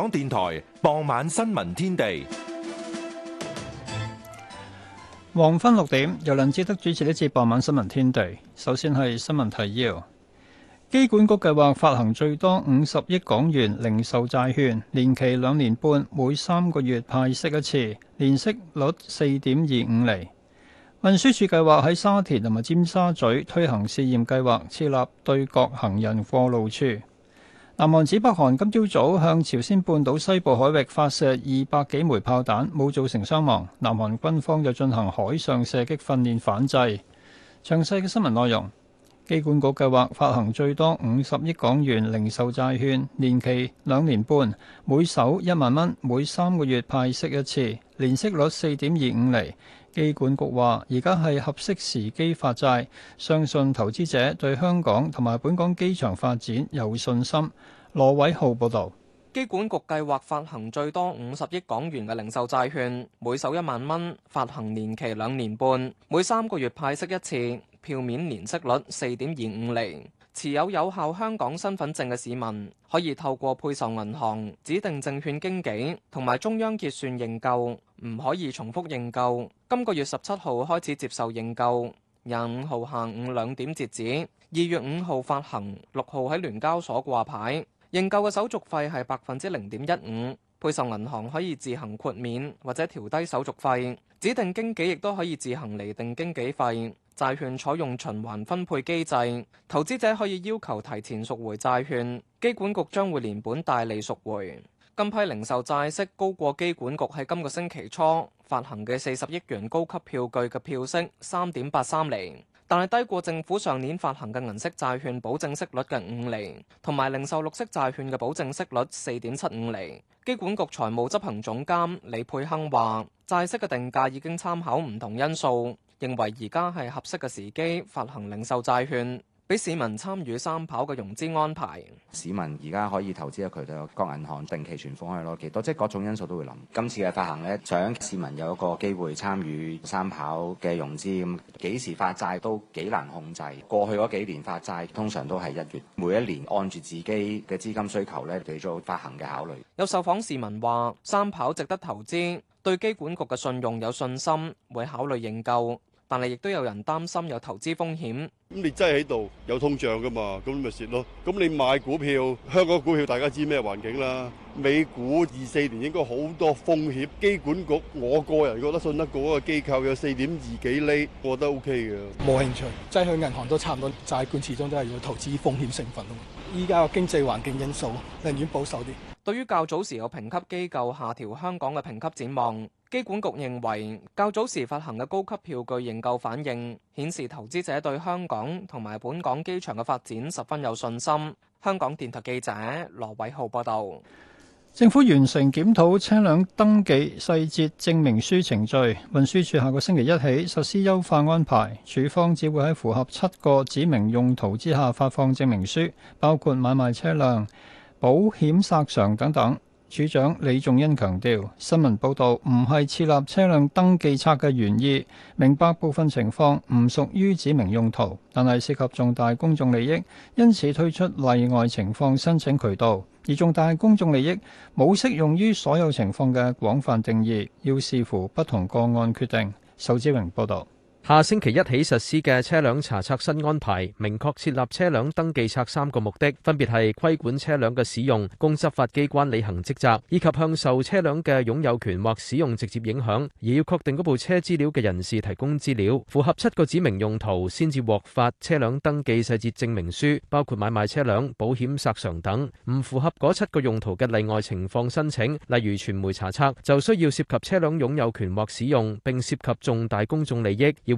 港電台傍晚新聞天地，黃昏六點由梁志德主持呢次傍晚新聞天地。首先係新聞提要：機管局計劃發行最多五十億港元零售債券，年期兩年半，每三個月派息一次，年息率四點二五厘。運輸署計劃喺沙田同埋尖沙咀推行試驗計劃，設立對角行人過路處。南韓指北韓今朝早向朝鮮半島西部海域發射二百幾枚炮彈，冇造成傷亡。南韓軍方就進行海上射擊訓練反制。詳細嘅新聞內容，機管局計劃發行最多五十億港元零售債券，年期兩年半，每手一萬蚊，每三個月派息一次，年息率四點二五厘。機管局話：而家係合適時機發債，相信投資者對香港同埋本港機場發展有信心。羅偉浩報道，機管局計劃發行最多五十億港元嘅零售債券，每手一萬蚊，發行年期兩年半，每三個月派息一次，票面年息率四點二五厘。持有有效香港身份證嘅市民可以透過配售銀行、指定證券經紀同埋中央結算認購，唔可以重複認購。今個月十七號開始接受認購，廿五號下午兩點截止。二月五號發行，六號喺聯交所掛牌。認購嘅手續費係百分之零點一五，配售銀行可以自行豁免或者調低手續費，指定經紀亦都可以自行厘定經紀費。債券採用循環分配機制，投資者可以要求提前贖回債券，機管局將會連本帶利贖回。今批零售債息高過機管局喺今個星期初發行嘅四十億元高級票據嘅票息三點八三厘。但係低過政府上年發行嘅銀色債券保證息率近五厘，同埋零售綠色債券嘅保證息率四點七五厘。機管局財務執行總監李佩亨話：債息嘅定價已經參考唔同因素，認為而家係合適嘅時機發行零售債券。俾市民參與三跑嘅融資安排，市民而家可以投資嘅渠道，各銀行定期存款可以攞幾多，即係各種因素都會諗。今次嘅發行呢，想市民有一個機會參與三跑嘅融資。幾時發債都幾難控制，過去嗰幾年發債通常都係一月，每一年按住自己嘅資金需求咧嚟做發行嘅考慮。有受訪市民話：三跑值得投資，對機管局嘅信用有信心，會考慮認購。但係亦都有人擔心有投資風險。咁你真係喺度有通脹噶嘛？咁咪蝕咯。咁你買股票，香港股票大家知咩環境啦？美股二四年應該好多風險。機管局，我個人覺得信得過嘅機構有四點二幾厘，我覺得 O K 嘅。冇興趣，即係、就是、去銀行都差唔多。債券始終都係要投資風險成分咯。依家個經濟環境因素，寧願保守啲。對於較早時有評級機構下調香港嘅評級展望。機管局認為，較早時發行嘅高級票據認購反應，顯示投資者對香港同埋本港機場嘅發展十分有信心。香港電台記者羅偉浩報道，政府完成檢討車，車輛登記細節證明書程序，運輸署下個星期一起實施優化安排，署方只會喺符合七個指明用途之下發放證明書，包括買賣車輛、保險、殺常等等。署長李仲恩強調，新聞報道唔係設立車輛登記冊嘅原意，明白部分情況唔屬於指明用途，但係涉及重大公眾利益，因此推出例外情況申請渠道。而重大公眾利益冇適用於所有情況嘅廣泛定義，要視乎不同個案決定。仇志榮報道。下星期一起實施嘅車輛查冊新安排，明確設立車輛登記冊三個目的，分別係規管車輛嘅使用、供執法機關履行職責，以及向受車輛嘅擁有權或使用直接影響而要確定嗰部車資料嘅人士提供資料。符合七個指明用途先至獲發車輛登記細節證明書，包括買賣車輛、保險索償等。唔符合嗰七個用途嘅例外情況申請，例如傳媒查冊，就需要涉及車輛擁有權或使用，並涉及重大公眾利益要。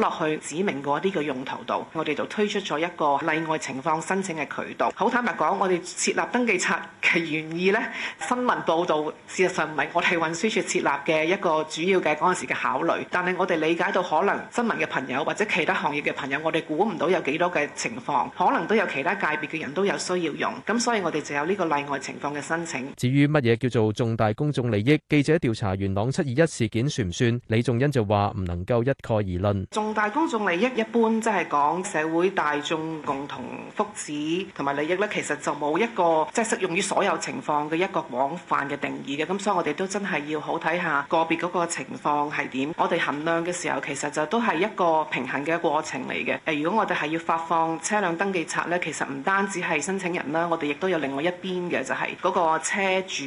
落去指明嗰啲嘅用途度，我哋就推出咗一個例外情況申請嘅渠道。好坦白講，我哋設立登記冊嘅原意咧，新聞報道事實上唔係我哋運輸署設立嘅一個主要嘅嗰陣時嘅考慮。但係我哋理解到可能新聞嘅朋友或者其他行業嘅朋友，我哋估唔到有幾多嘅情況，可能都有其他界別嘅人都有需要用。咁所以我哋就有呢個例外情況嘅申請。至於乜嘢叫做重大公眾利益？記者調查元朗七二一事件算唔算？李仲恩就話唔能夠一概而論。大公眾利益一般即係講社會大眾共同福祉同埋利益呢，其實就冇一個即係適用於所有情況嘅一個廣泛嘅定義嘅，咁所以我哋都真係要好睇下個別嗰個情況係點。我哋衡量嘅時候，其實就都係一個平衡嘅過程嚟嘅。誒，如果我哋係要發放車輛登記冊呢，其實唔單止係申請人啦，我哋亦都有另外一邊嘅，就係嗰個車主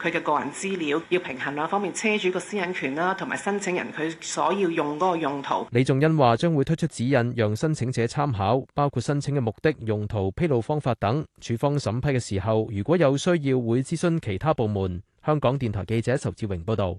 佢嘅個人資料，要平衡兩方面，車主個私隱權啦，同埋申請人佢所要用嗰個用途。因話將會推出指引，讓申請者參考，包括申請嘅目的、用途、披露方法等。處方審批嘅時候，如果有需要，會諮詢其他部門。香港電台記者仇志榮報道。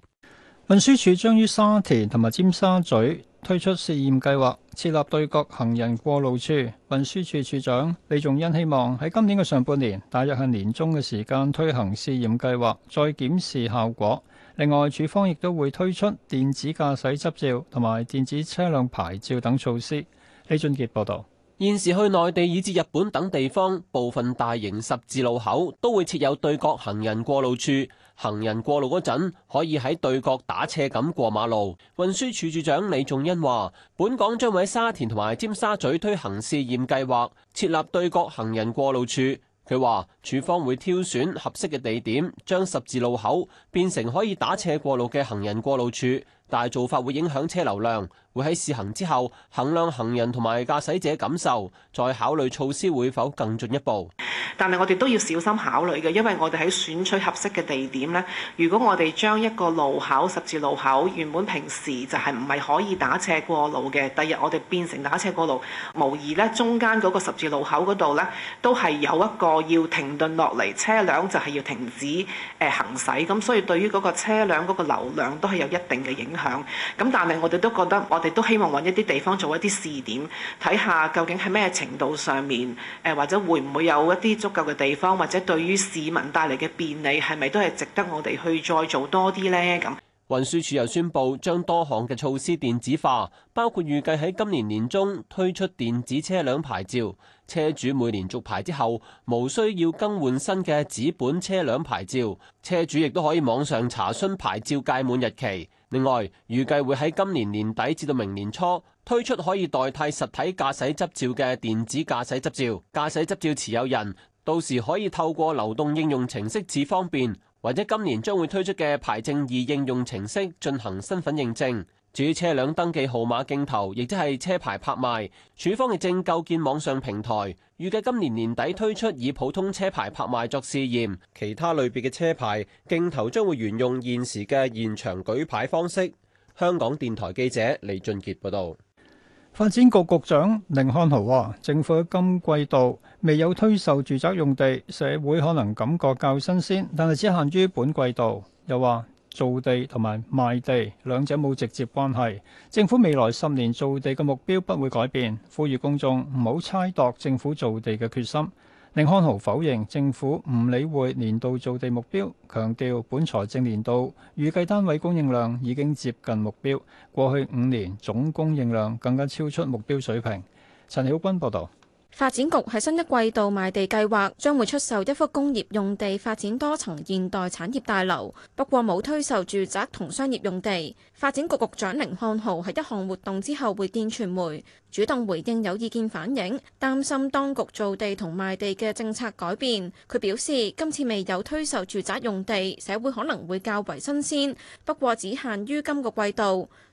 運輸署將於沙田同埋尖沙咀推出試驗計劃，設立對角行人過路處。運輸署署長李仲恩希望喺今年嘅上半年，大約係年中嘅時間推行試驗計劃，再檢視效果。另外，處方亦都會推出電子駕駛執照同埋電子車輛牌照等措施。李俊傑報導。現時去內地以至日本等地方，部分大型十字路口都會設有對角行人過路處，行人過路嗰陣可以喺對角打斜咁過馬路。運輸署署長李仲恩話，本港將會喺沙田同埋尖沙咀推行試驗計劃，設立對角行人過路處。佢話，署方會挑選合適嘅地點，將十字路口變成可以打斜過路嘅行人過路處。大做法會影響車流量，會喺試行之後衡量行人同埋駕駛者感受，再考慮措施會否更進一步。但係我哋都要小心考慮嘅，因為我哋喺選取合適嘅地點咧。如果我哋將一個路口，十字路口原本平時就係唔係可以打斜過路嘅，第日我哋變成打斜過路，無疑咧中間嗰個十字路口度咧，都係有一個要停頓落嚟，車輛就係要停止誒行駛，咁所以對於嗰個車輛嗰個流量都係有一定嘅影響。響咁，但係我哋都覺得，我哋都希望揾一啲地方做一啲試點，睇下究竟喺咩程度上面，誒或者會唔會有一啲足夠嘅地方，或者對於市民帶嚟嘅便利，係咪都係值得我哋去再做多啲咧？咁。運輸署又宣布將多項嘅措施電子化，包括預計喺今年年中推出電子車輛牌照，車主每年續牌之後無需要更換新嘅紙本車輛牌照，車主亦都可以網上查詢牌照屆滿日期。另外，預計會喺今年年底至到明年初推出可以代替實體駕駛執照嘅電子駕駛執照，駕駛執照持有人到時可以透過流動應用程式至方便。或者今年將會推出嘅牌證二應用程式進行身份認證，至於車輛登記號碼競投亦即係車牌拍賣，署方亦正構建網上平台，預計今年年底推出以普通車牌拍賣作試驗，其他類別嘅車牌競投將會沿用現時嘅現場舉牌方式。香港電台記者李俊杰報道。發展局局長寧漢豪話，政府喺今季度未有推售住宅用地，社會可能感覺較新鮮，但係只限於本季度。又話造地同埋賣地兩者冇直接關係。政府未來十年造地嘅目標不會改變，呼籲公眾唔好猜度政府造地嘅決心。鄭康豪否認政府唔理會年度造地目標，強調本財政年度預計單位供應量已經接近目標，過去五年總供應量更加超出目標水平。陳曉君報道。發展局喺新一季度賣地計劃將會出售一幅工業用地發展多層現代產業大樓，不過冇推售住宅同商業用地。發展局局長寧漢豪喺一項活動之後會見傳媒，主動回應有意見反映，擔心當局造地同賣地嘅政策改變。佢表示今次未有推售住宅用地，社會可能會較為新鮮，不過只限於今個季度。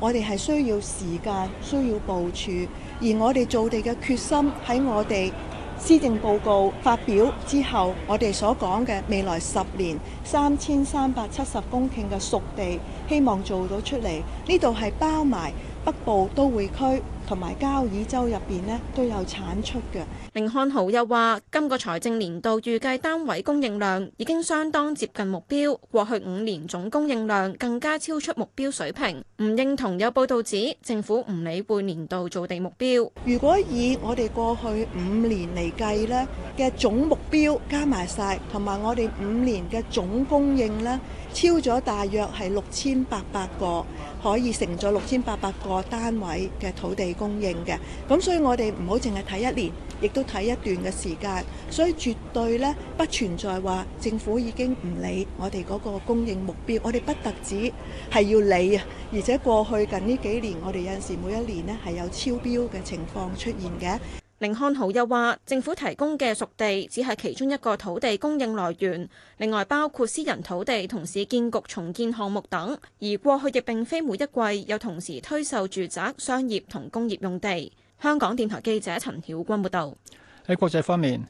我哋係需要時間，需要部署，而我哋做地嘅決心喺我哋施政報告發表之後，我哋所講嘅未來十年三千三百七十公頃嘅熟地，希望做到出嚟。呢度係包埋北部都會區。同埋交椅洲入邊咧都有產出嘅。寧漢豪又話今個財政年度預計單位供應量已經相當接近目標，過去五年總供應量更加超出目標水平。唔認同有報道指政府唔理會年度造地目標。如果以我哋過去五年嚟計咧嘅總目標加埋晒同埋我哋五年嘅總供應咧，超咗大約係六千八百個可以成咗六千八百個單位嘅土地。供應嘅，咁所以我哋唔好淨係睇一年，亦都睇一段嘅時間，所以絕對呢不存在話政府已經唔理我哋嗰個供應目標，我哋不特止係要理啊，而且過去近呢幾年，我哋有陣時每一年呢係有超標嘅情況出現嘅。凌漢豪又話：政府提供嘅熟地只係其中一個土地供應來源，另外包括私人土地同市建局重建項目等。而過去亦並非每一季又同時推售住宅、商業同工業用地。香港電台記者陳曉君報道。喺國際方面。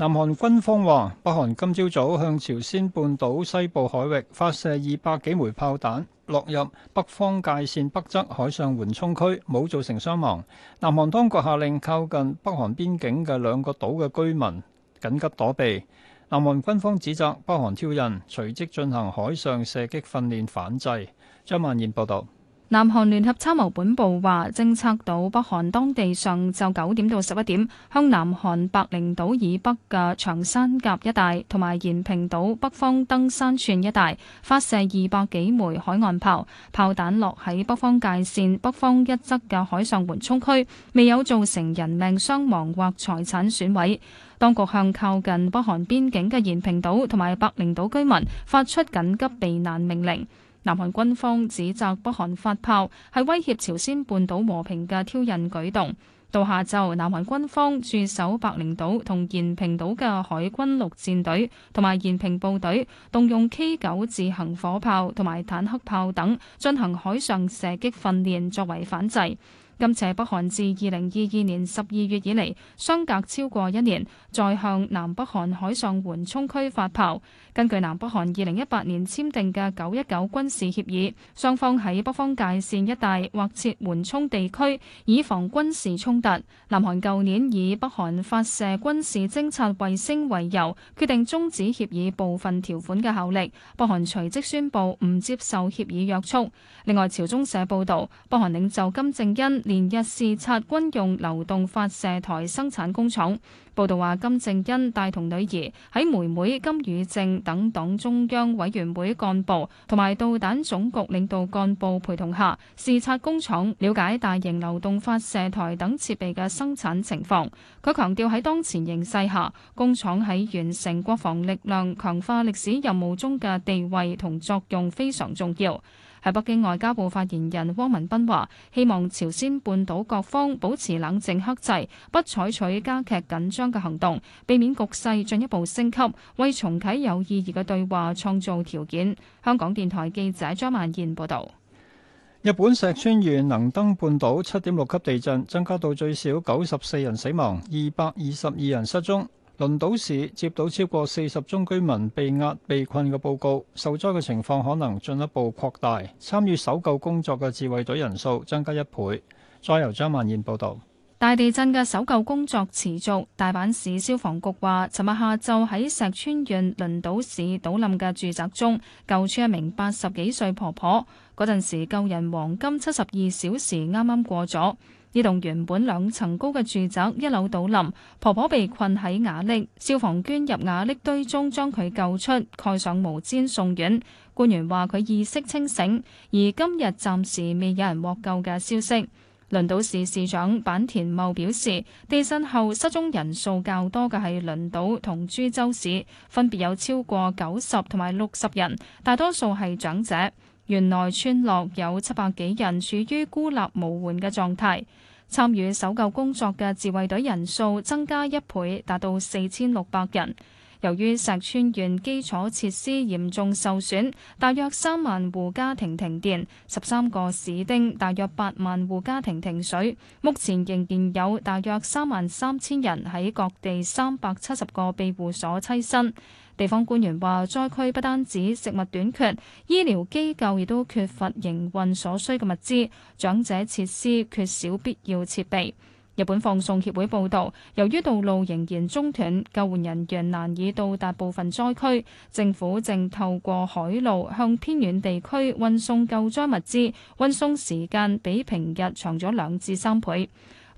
南韓軍方話，北韓今朝早向朝鮮半島西部海域發射二百幾枚炮彈，落入北方界線北側海上緩衝區，冇造成傷亡。南韓當局下令靠近北韓邊境嘅兩個島嘅居民緊急躲避。南韓軍方指責北韓挑釁，隨即進行海上射擊訓練反制。張曼燕報道。南韓聯合參謀本部話，偵測到北韓當地上晝九點到十一點，向南韓白翎島以北嘅長山甲一帶同埋延平島北方登山串一帶發射二百幾枚海岸炮，炮彈落喺北方界線北方一側嘅海上緩衝區，未有造成人命傷亡或財產損毀。當局向靠近北韓邊境嘅延平島同埋白翎島居民發出緊急避難命令。南韓軍方指責北韓發炮係威脅朝鮮半島和平嘅挑釁舉動。到下晝，南韓軍方駐守白翎島同延平島嘅海軍陸戰隊同埋延平部隊，動用 K 九自行火炮同埋坦克炮等進行海上射擊訓練，作為反制。今次北韓自二零二二年十二月以嚟相隔超過一年，再向南北韓海上緩衝區發炮。根據南北韓二零一八年簽訂嘅《九一九軍事協議》，雙方喺北方界線一帶劃設緩衝地區，以防軍事衝突。南韓舊年以北韓發射軍事偵察衛星為由，決定中止協議部分條款嘅效力，北韓隨即宣布唔接受協議約束。另外，朝中社報導，北韓領袖金正恩，連日視察軍用流動發射台生產工廠，報道話金正恩帶同女兒喺妹妹金與正等黨中央委員會幹部同埋導彈總局領導幹部陪同下視察工廠，了解大型流動發射台等設備嘅生產情況。佢強調喺當前形勢下，工廠喺完成國防力量強化歷史任務中嘅地位同作用非常重要。喺北京外交部發言人汪文斌話，希望朝鮮半島各方保持冷靜克制，不採取加劇緊張嘅行動，避免局勢進一步升級，為重啟有意義嘅對話創造條件。香港電台記者張曼燕報道：「日本石川縣能登半島七點六級地震，增加到最少九十四人死亡，二百二十二人失蹤。輪島市接到超過四十宗居民被壓被困嘅報告，受災嘅情況可能進一步擴大。參與搜救工作嘅自衛隊人數增加一倍。再由張萬燕報導。大地震嘅搜救工作持續。大阪市消防局話：尋日下晝喺石川縣輪島市倒冧嘅住宅中，救出一名八十幾歲婆婆。嗰陣時，救人黃金七十二小時啱啱過咗。呢棟原本兩層高嘅住宅一樓倒冧，婆婆被困喺瓦礫，消防捐入瓦礫堆中將佢救出，蓋上毛氈送院。官員話佢意識清醒，而今日暫時未有人獲救嘅消息。輪島市市長坂田茂表示，地震後失蹤人數較多嘅係輪島同珠洲市，分別有超過九十同埋六十人，大多數係長者。原來村落有七百幾人處於孤立無援嘅狀態，參與搜救工作嘅自衛隊人數增加一倍，達到四千六百人。由於石川縣基礎設施嚴重受損，大約三萬戶家庭停電，十三個市町大約八萬戶家庭停水。目前仍然有大約三萬三千人喺各地三百七十個庇護所棲身。地方官員話：災區不單止食物短缺，醫療機構亦都缺乏營運所需嘅物資，長者設施缺少必要設備。日本放送協會報道，由於道路仍然中斷，救援人員難以到達部分災區，政府正透過海路向偏遠地區運送救災物資，運送時間比平日長咗兩至三倍。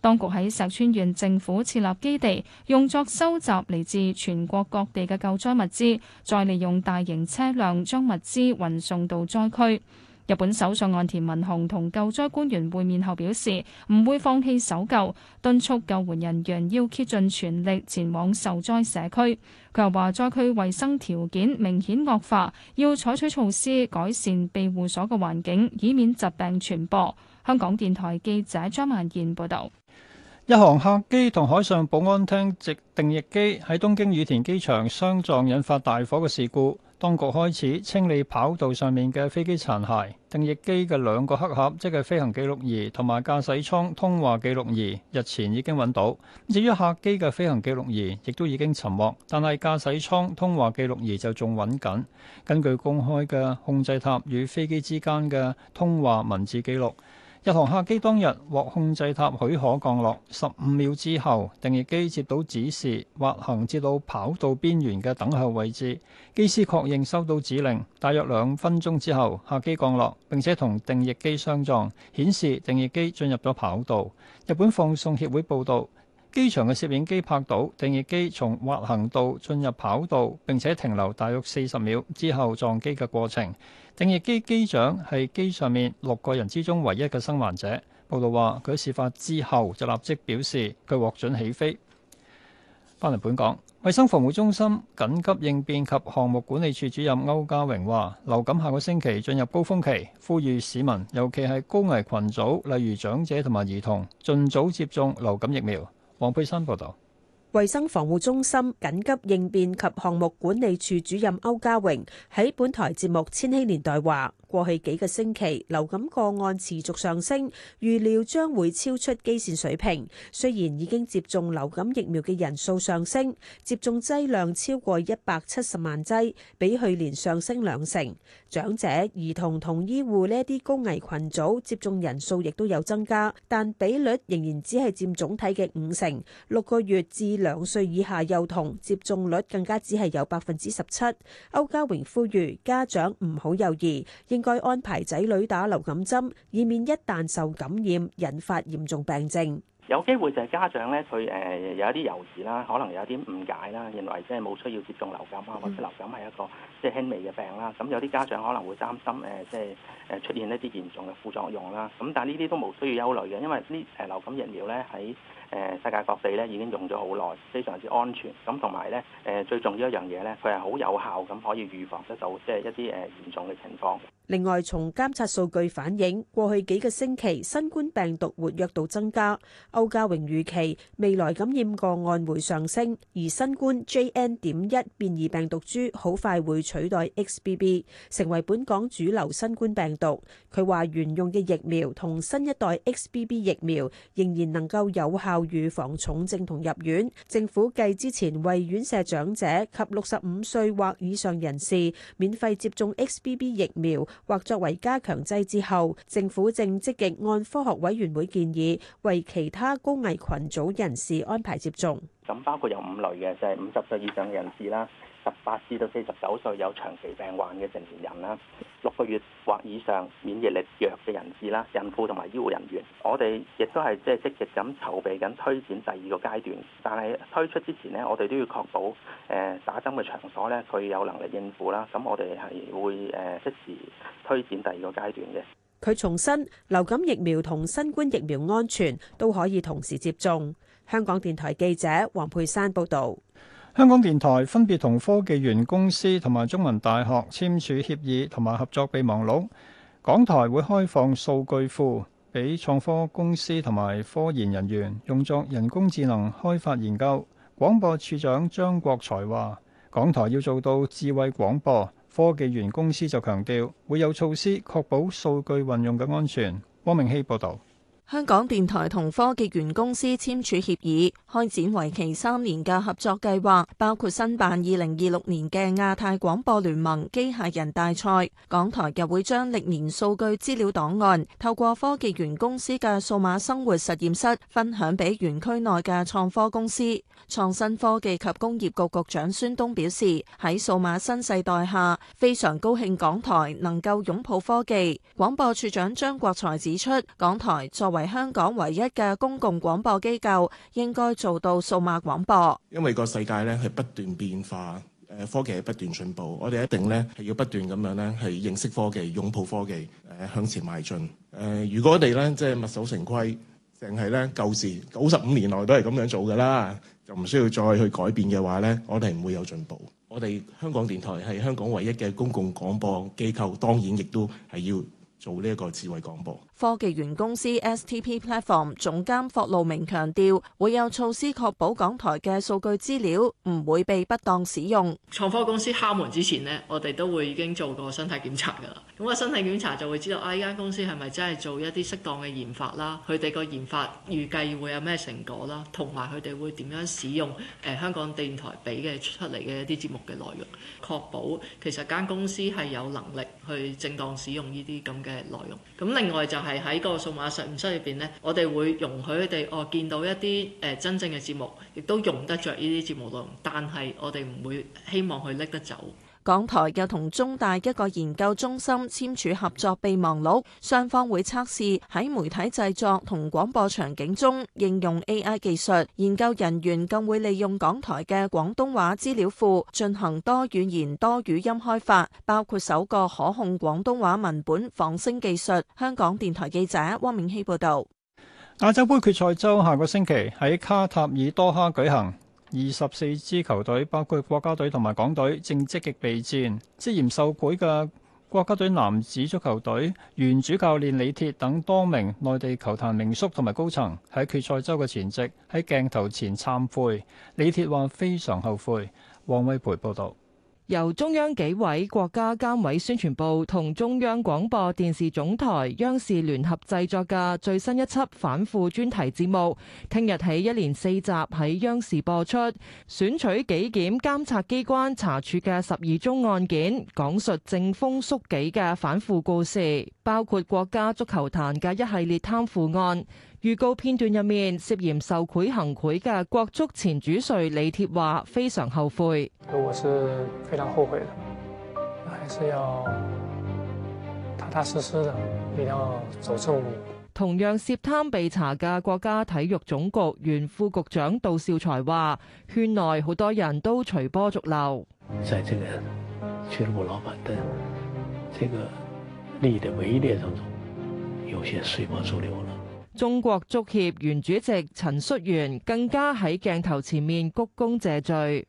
當局喺石川縣政府設立基地，用作收集嚟自全國各地嘅救災物資，再利用大型車輛將物資運送到災區。日本首相岸田文雄同救災官員會面後表示，唔會放棄搜救，敦促救援人員要竭盡全力前往受災社區。佢又話，災區衛生條件明顯惡化，要採取措施改善庇護所嘅環境，以免疾病傳播。香港電台記者張曼燕報道。一航客機同海上保安廳直定翼機喺東京羽田機場相撞，引發大火嘅事故。當局開始清理跑道上面嘅飛機殘骸。定翼機嘅兩個黑盒，即係飛行記錄儀同埋駕駛艙通話記錄儀，日前已經揾到。至於客機嘅飛行記錄儀，亦都已經尋獲，但係駕駛艙通話記錄儀就仲揾緊。根據公開嘅控制塔與飛機之間嘅通話文字記錄。日航客機當日獲控制塔許可降落，十五秒之後，定翼機接到指示，滑行至到跑道邊緣嘅等候位置。機師確認收到指令，大約兩分鐘之後，客機降落並且同定翼機相撞，顯示定翼機進入咗跑道。日本放送協會報導。機場嘅攝影機拍到定翼機從滑行道進入跑道，並且停留大約四十秒之後撞機嘅過程。定翼機機長係機上面六個人之中唯一嘅生還者。報道話佢喺事發之後就立即表示佢獲准起飛。返嚟本港，衞生防護中心緊急應變及項目管理處主任歐家榮話：流感下個星期進入高峰期，呼籲市民尤其係高危群組，例如長者同埋兒童，盡早接種流感疫苗。黃佩珊報道，衛生防護中心緊急應變及項目管理處主任歐家榮喺本台節目《千禧年代》話。過去幾個星期流感個案持續上升，預料將會超出基線水平。雖然已經接種流感疫苗嘅人數上升，接種劑量超過一百七十萬劑，比去年上升兩成。長者、兒童同醫護呢啲高危群組接種人數亦都有增加，但比率仍然只係佔總體嘅五成。六個月至兩歲以下幼童接種率更加只係有百分之十七。歐家榮呼籲家長唔好猶疑，應。應該安排仔女打流感針，以免一旦受感染，引發嚴重病症。有機會就係家長咧，佢，誒，有一啲猶豫啦，可能有一啲誤解啦，認為即係冇需要接種流感啊，或者流感係一個即係輕微嘅病啦。咁有啲家長可能會擔心誒，即係誒出現一啲嚴重嘅副作用啦。咁但係呢啲都冇需要憂慮嘅，因為呢，誒，流感疫苗咧喺誒世界各地咧已經用咗好耐，非常之安全。咁同埋咧，誒最重要一樣嘢咧，佢係好有效，咁可以預防得到即係一啲誒嚴重嘅情況。另外，從監測數據反映，過去幾個星期新冠病毒活躍度增加。歐家榮預期未來感染個案會上升，而新冠 JN 點一變異病毒株好快會取代 XBB 成為本港主流新冠病毒。佢話原用嘅疫苗同新一代 XBB 疫苗仍然能夠有效。預防重症同入院，政府繼之前為院舍長者及六十五歲或以上人士免費接種 XBB 疫苗，或作為加強劑之後，政府正積極按科學委員會建議，為其他高危群組人士安排接種。咁包括有五類嘅，就係五十歲以上嘅人士啦，十八至到四十九歲有長期病患嘅成年人啦。六個月或以上免疫力弱嘅人士啦，孕婦同埋醫護人員，我哋亦都係即係積極咁籌備緊推展第二個階段，但係推出之前呢，我哋都要確保誒打針嘅場所呢，佢有能力應付啦。咁我哋係會誒即時推展第二個階段嘅。佢重申流感疫苗同新冠疫苗安全都可以同時接種。香港電台記者黃佩珊報導。香港電台分別同科技園公司同埋中文大學簽署協議同埋合作備忘錄，港台會開放數據庫俾創科公司同埋科研人員用作人工智能開發研究。廣播處長張國才話：港台要做到智慧廣播，科技園公司就強調會有措施確保數據運用嘅安全。汪明希報道。香港電台同科技園公司簽署協議，開展為期三年嘅合作計劃，包括申辦二零二六年嘅亞太廣播聯盟機械人大賽。港台又會將歷年數據資料檔案透過科技園公司嘅數碼生活實驗室分享俾園區內嘅創科公司。創新科技及工業局局長孫東表示，喺數碼新世代下，非常高興港台能夠擁抱科技。廣播處長張國財指出，港台作為係香港唯一嘅公共廣播機構，應該做到數碼廣播。因為個世界咧係不斷變化，誒科技係不斷進步，我哋一定咧係要不斷咁樣咧係認識科技、擁抱科技，誒向前邁進。誒，如果我哋咧即係墨守成規，淨係咧舊時，九十五年來都係咁樣做噶啦，就唔需要再去改變嘅話咧，我哋唔會有進步。我哋香港電台係香港唯一嘅公共廣播機構，當然亦都係要做呢一個智慧廣播。科技園公司 STP Platform 總監霍路明強調，會有措施確保港台嘅數據資料唔會被不當使用。創科公司敲門之前咧，我哋都會已經做過身體檢查噶啦。咁、那、啊、個、身體檢查就會知道啊，呢間公司係咪真係做一啲適當嘅研發啦？佢哋個研發預計會有咩成果啦？同埋佢哋會點樣使用誒、呃、香港電台俾嘅出嚟嘅一啲節目嘅內容？確保其實間公司係有能力去正當使用呢啲咁嘅內容。咁另外就係、是。係喺個數碼實驗室入邊咧，我哋會容許佢哋哦見到一啲誒真正嘅節目，亦都用得着呢啲節目內容，但係我哋唔會希望佢拎得走。港台又同中大一個研究中心簽署合作備忘錄，雙方會測試喺媒體製作同廣播場景中應用 AI 技術。研究人員更會利用港台嘅廣東話資料庫進行多語言多語音開發，包括首個可控廣東話文本仿聲技術，香港電台記者汪明希報道。亞洲杯決賽周下個星期喺卡塔爾多哈舉行。二十四支球隊，包括國家隊同埋港隊正積極備戰。涉嫌受賄嘅國家隊男子足球隊原主教練李鐵等多名內地球壇名宿同埋高層喺決賽周嘅前夕喺鏡頭前懺悔，李鐵話非常後悔。王威培報道。由中央紀委、國家監委、宣傳部同中央廣播電視總台、央視聯合製作嘅最新一輯反腐專題節目，聽日起一連四集喺央視播出，選取紀檢監察機關查處嘅十二宗案件，講述正風肅紀嘅反腐故事，包括國家足球壇嘅一系列貪腐案。預告片段入面，涉嫌受賄行賄嘅國足前主帥李鐵話非常後悔。我是非常後悔的，還是要踏踏實實的，你要走正路。同樣涉貪被查嘅國家體育總局原副局長杜兆才話：圈內好多人都隨波逐流。在這個俱樂部老闆的這個利益的圍獵當中，有些隨波逐流了。中國足協原主席陳戌源更加喺鏡頭前面鞠躬謝罪。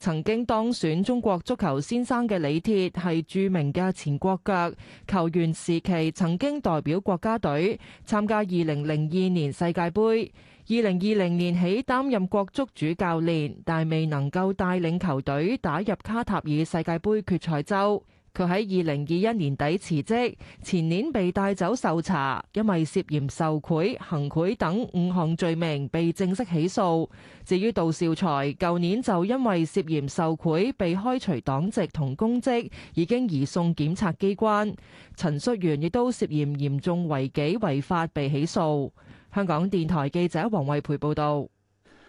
曾經當選中國足球先生嘅李鐵係著名嘅前國腳，球員時期曾經代表國家隊參加二零零二年世界盃。二零二零年起擔任國足主教練，但未能夠帶領球隊打入卡塔爾世界盃決賽周。佢喺二零二一年底辭職，前年被帶走受查，因為涉嫌受賄、行賄等五項罪名被正式起訴。至於杜兆才，舊年就因為涉嫌受賄被開除黨籍同公職，已經移送檢察機關。陳淑元亦都涉嫌嚴重違紀違法被起訴。香港電台記者王慧培報導。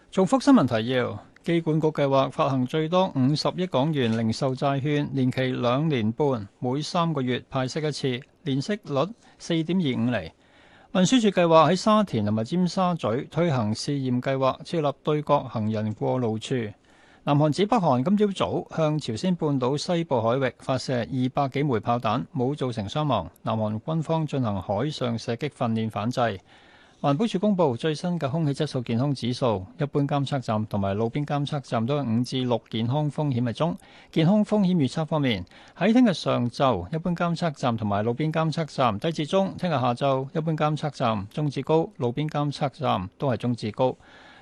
重複新聞提要。機管局計劃發行最多五十億港元零售債券，年期兩年半，每三個月派息一次，年息率四點二五厘。運輸署計劃喺沙田同埋尖沙咀推行試驗計劃，設立對角行人過路處。南韓指北韓今朝早向朝鮮半島西部海域發射二百幾枚炮彈，冇造成傷亡。南韓軍方進行海上射擊訓練反制。環保署公布最新嘅空氣質素健康指數，一般監測站同埋路邊監測站都係五至六，健康風險係中。健康風險預測方面，喺聽日上晝，一般監測站同埋路邊監測站低至中；聽日下晝，一般監測站中至高，路邊監測站都係中至高。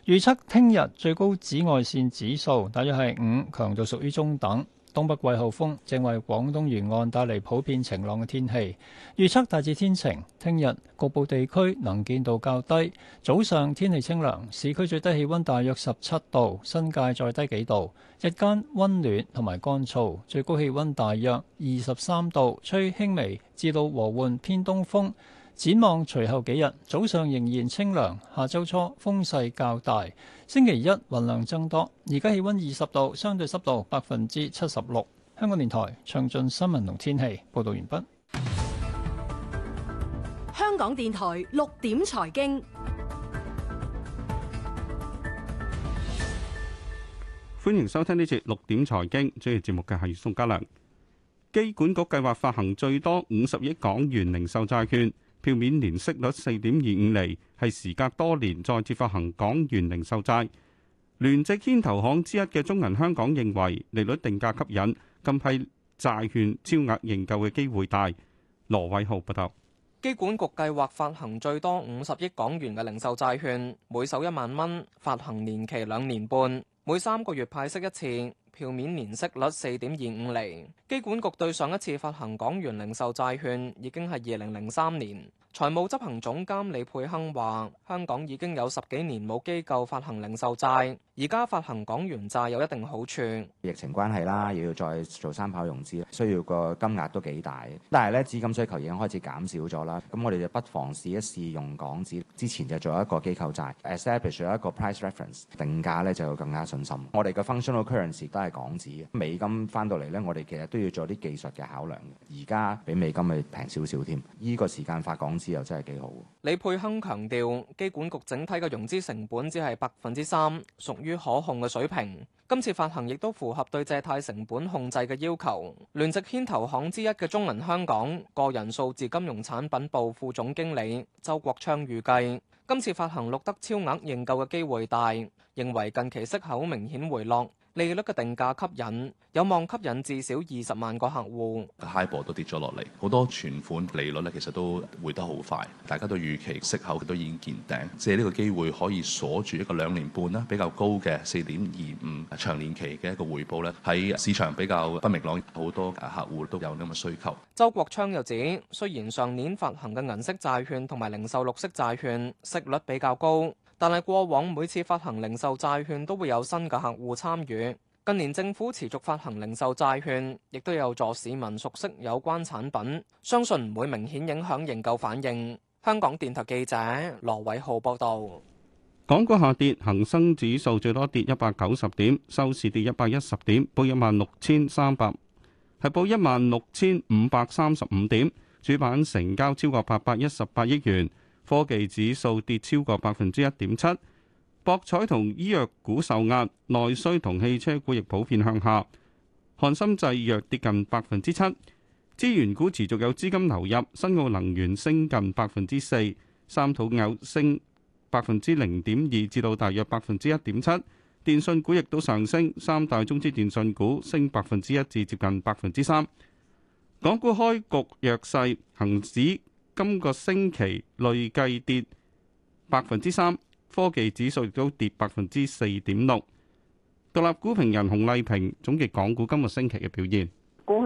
預測聽日最高紫外線指數大約係五，強度屬於中等。東北季候風正為廣東沿岸帶嚟普遍晴朗嘅天氣，預測大致天晴，聽日局部地區能見度較低，早上天氣清涼，市區最低氣温大約十七度，新界再低幾度，日間温暖同埋乾燥，最高氣温大約二十三度，吹輕微至到和緩偏東風。展望隨後幾日，早上仍然清涼，下周初風勢較大。星期一雲量增多，而家氣温二十度，相對濕度百分之七十六。香港電台詳盡新聞同天氣報導完畢。香港電台六點財經，歡迎收聽呢節六點財經，主持節目嘅係宋家良。機管局計劃發行最多五十億港元零售債券。票面年息率四點二五釐，係時隔多年再次發行港元零售債。聯席牽頭行之一嘅中銀香港認為利率定價吸引，今批債券超額認購嘅機會大。羅偉浩報道，機管局計劃發行最多五十億港元嘅零售債券，每手一萬蚊，發行年期兩年半，每三個月派息一次。票面年息率四點二五厘，機管局對上一次發行港元零售債券已經係二零零三年。財務執行總監李佩亨話，香港已經有十幾年冇機構發行零售債。而家發行港元債有一定好處，疫情關係啦，又要再做三跑融資，需要個金額都幾大。但係咧資金需求已經開始減少咗啦，咁我哋就不妨試一試用港紙，之前就做一個機構債 establish 咗一個 price reference 定價咧，就有更加信心。我哋嘅 functional currency 都係港紙，美金翻到嚟咧，我哋其實都要做啲技術嘅考量。而家比美金係平少少添，呢個時間發港紙又真係幾好。李佩亨強調，機管局整體嘅融資成本只係百分之三，屬於可控嘅水平，今次發行亦都符合對借貸成本控制嘅要求。聯席牽頭行之一嘅中銀香港個人數字金融產品部副總經理周國昌預計，今次發行錄得超額認購嘅機會大，認為近期息口明顯回落。利率嘅定價吸引，有望吸引至少二十萬個客戶。HIBOR 都跌咗落嚟，好多存款利率咧，其實都回得好快。大家都預期息口都已經見頂，借呢個機會可以鎖住一個兩年半啦，比較高嘅四點二五長年期嘅一個回報咧，喺市場比較不明朗，好多客戶都有呢咁嘅需求。周國昌又指，雖然上年發行嘅銀色債券同埋零售綠色債券息率比較高。但係，過往每次發行零售債券都會有新嘅客戶參與。近年政府持續發行零售債券，亦都有助市民熟悉有關產品，相信唔會明顯影響認購反應。香港電台記者羅偉浩報道，港股下跌，恒生指數最多跌一百九十點，收市跌一百一十點，報一萬六千三百，係報一萬六千五百三十五點，主板成交超過八百一十八億元。科技指數跌超過百分之一點七，博彩同醫藥股受壓，內需同汽車股亦普遍向下。翰森製藥跌近百分之七，資源股持續有資金流入，新奧能源升近百分之四，三桶油升百分之零點二至到大約百分之一點七。電信股亦都上升，三大中資電信股升百分之一至接近百分之三。港股開局弱勢，恒指，今個星期累計跌百分之三，科技指數亦都跌百分之四點六。獨立股評人洪麗萍總結港股今個星期嘅表現。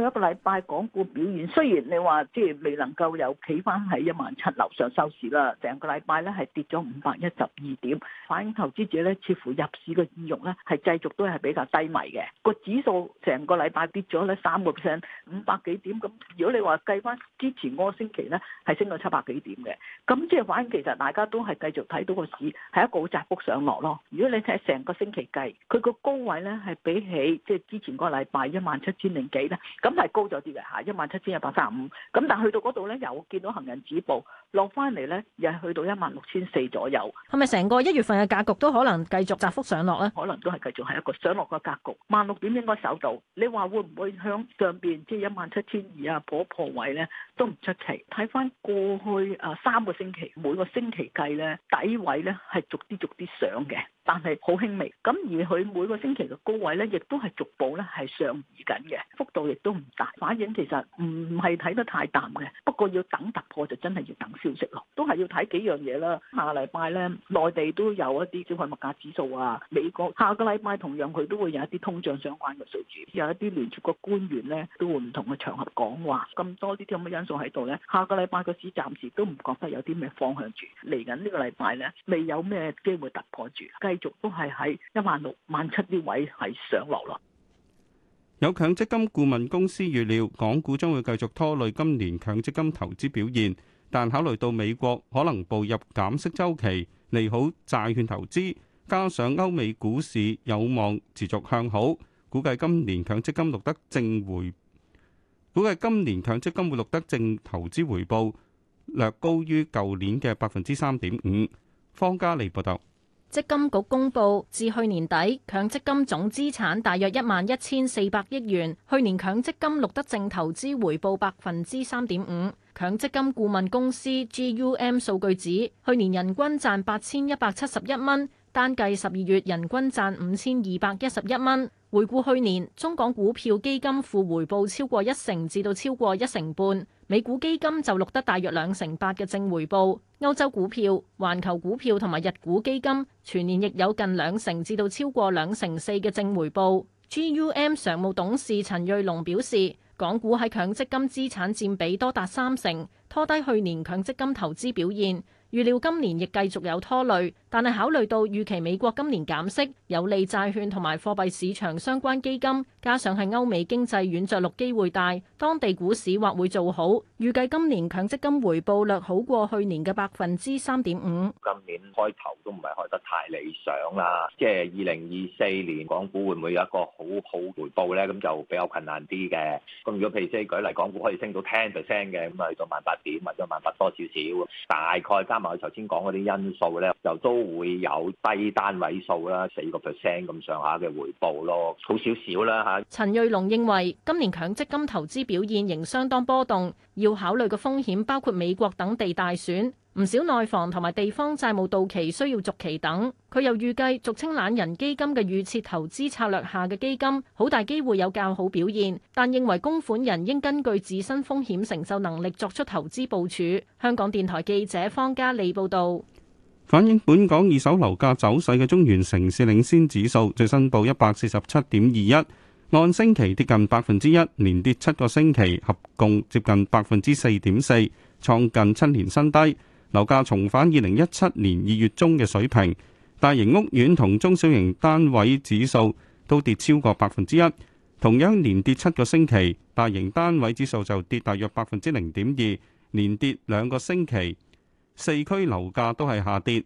一個禮拜港股表現，雖然你話即係未能夠有企翻喺一萬七樓上收市啦，成個禮拜咧係跌咗五百一十二點，反映投資者咧似乎入市嘅意欲咧係繼續都係比較低迷嘅。個指數成個禮拜跌咗咧三個 percent，五百幾點咁。如果你話計翻之前嗰個星期咧，係升到七百幾點嘅，咁即係反映其實大家都係繼續睇到個市係一個好窄幅上落咯。如果你睇成個星期計，佢個高位咧係比起即係之前個禮拜一萬七千零幾啦，咁。係高咗啲嘅，吓一萬七千一百三十五，咁但係去到嗰度咧，又見到恆指報落翻嚟咧，又係去到一萬六千四左右。係咪成個一月份嘅格局都可能繼續窄幅上落咧？可能都係繼續係一個上落嘅格局。萬六點應該守到？你話會唔會向上邊即係一萬七千二啊破破位咧都唔出奇。睇翻過去啊三個星期每個星期計咧，底位咧係逐啲逐啲上嘅。但係好輕微，咁而佢每個星期嘅高位咧，亦都係逐步咧係上移緊嘅，幅度亦都唔大，反映其實唔係睇得太淡嘅。不過要等突破就真係要等消息咯，都係要睇幾樣嘢啦。下個禮拜咧，內地都有一啲消費物價指數啊，美國下個禮拜同樣佢都會有一啲通脹相關嘅數據，有一啲聯儲個官員咧都會唔同嘅場合講話，咁多啲咁嘅因素喺度咧，下個禮拜個市暫時都唔覺得有啲咩方向住，嚟緊呢個禮拜咧未有咩機會突破住續都係喺一萬六萬七啲位係上落咯。有強積金顧問公司預料，港股將會繼續拖累今年強積金投資表現。但考慮到美國可能步入減息週期，利好債券投資，加上歐美股市有望持續向好，估計今年強積金錄得正回，估計今年強積金會錄得正投資回報，略高於舊年嘅百分之三點五。方嘉利報道。積金局公布，至去年底，強積金總資產大約一萬一千四百億元。去年強積金錄得淨投資回報百分之三點五。強積金顧問公司 GUM 數據指，去年人均賺八千一百七十一蚊，單計十二月人均賺五千二百一十一蚊。回顧去年，中港股票基金負回報超過一成至到超過一成半，美股基金就錄得大約兩成八嘅正回報。歐洲股票、環球股票同埋日股基金全年亦有近兩成至到超過兩成四嘅正回報。GUM 常務董事陳瑞龍表示，港股喺強積金資產佔比多達三成，拖低去年強積金投資表現，預料今年亦繼續有拖累。但係考慮到預期美國今年減息有利債券同埋貨幣市場相關基金，加上係歐美經濟軟著陸機會大，當地股市或會做好。預計今年強積金回報略好過去年嘅百分之三點五。今年開頭都唔係開得太理想啦，即係二零二四年港股會唔會有一個好好回報咧？咁就比較困難啲嘅。咁如果譬如舉例，港股可以升到 ten percent 嘅，咁啊去到萬八點或者萬八多少少，大概加埋我頭先講嗰啲因素咧，就都，都會有低單位數啦，四個 percent 咁上下嘅回報咯，好少少啦嚇。陳瑞龍認為今年強積金投資表現仍相當波動，要考慮嘅風險包括美國等地大選，唔少內房同埋地方債務到期需要續期等。佢又預計俗稱懶人基金嘅預設投資策略下嘅基金，好大機會有較好表現，但認為供款人應根據自身風險承受能力作出投資部署。香港電台記者方嘉利報道。反映本港二手樓價走勢嘅中原城市領先指數最新報一百四十七點二一，按星期跌近百分之一，連跌七個星期，合共接近百分之四點四，創近七年新低。樓價重返二零一七年二月中嘅水平，大型屋苑同中小型單位指數都跌超過百分之一，同樣連跌七個星期。大型單位指數就跌大約百分之零點二，連跌兩個星期。四區樓價都係下跌。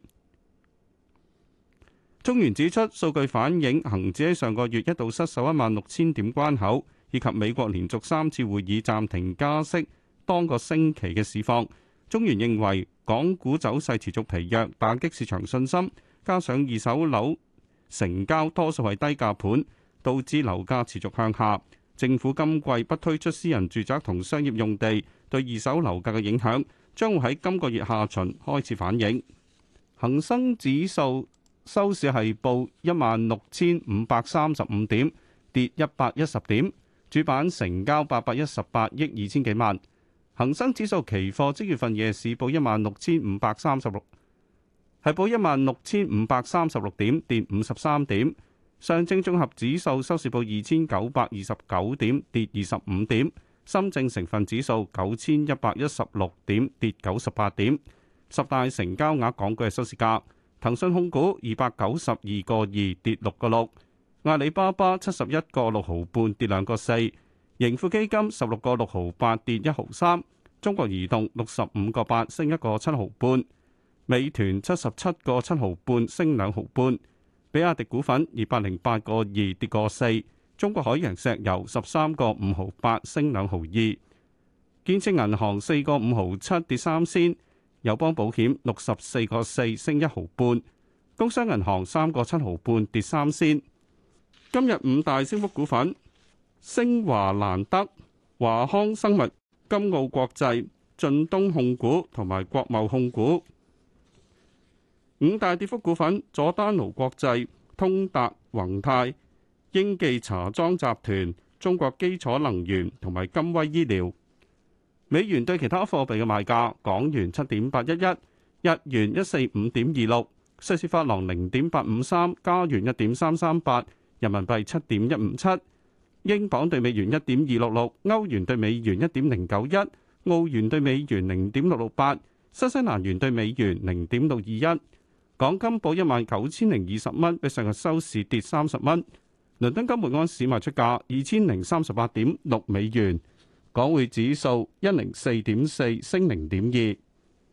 中原指出，數據反映恒指喺上個月一度失守一萬六千點關口，以及美國連續三次會議暫停加息，當個星期嘅市況。中原認為，港股走勢持續疲弱，打擊市場信心，加上二手樓成交多數係低價盤，導致樓價持續向下。政府今季不推出私人住宅同商業用地，對二手樓價嘅影響。將會喺今個月下旬開始反映。恒生指數收市係報一萬六千五百三十五點，跌一百一十點。主板成交八百一十八億二千幾萬。恒生指數期貨即月份夜市報一萬六千五百三十六，係報一萬六千五百三十六點，跌五十三點。上證綜合指數收市報二千九百二十九點，跌二十五點。深證成分指數九千一百一十六點，跌九十八點。十大成交額港股嘅收市價：騰訊控股二百九十二個二，跌六個六；阿里巴巴七十一個六毫半，跌兩個四；盈富基金十六個六毫八，跌一毫三；中國移動六十五個八，升一個七毫半；美團七十七個七毫半，升兩毫半；比亞迪股份二百零八個二，跌個四。中國海洋石油十三個五毫八，升兩毫二，建設銀行四個五毫七，跌三仙，友邦保險六十四個四，升一毫半，工商銀行三個七毫半，跌三仙。今日五大升幅股份：星華蘭德、華康生物、金奧國際、晉東控股同埋國貿控股。五大跌幅股份：佐丹奴國際、通達宏泰。英記茶莊集團、中國基礎能源同埋金威醫療。美元對其他貨幣嘅賣價：港元七點八一一，日元一四五點二六，瑞士法郎零點八五三，加元一點三三八，人民幣七點一五七，英鎊兌美元一點二六六，歐元兌美元一點零九一，澳元兌美元零點六六八，新西蘭元兌美元零點六二一。港金報一萬九千零二十蚊，比上日收市跌三十蚊。倫敦金每安士賣出價二千零三十八點六美元，港匯指數一零四點四升零點二。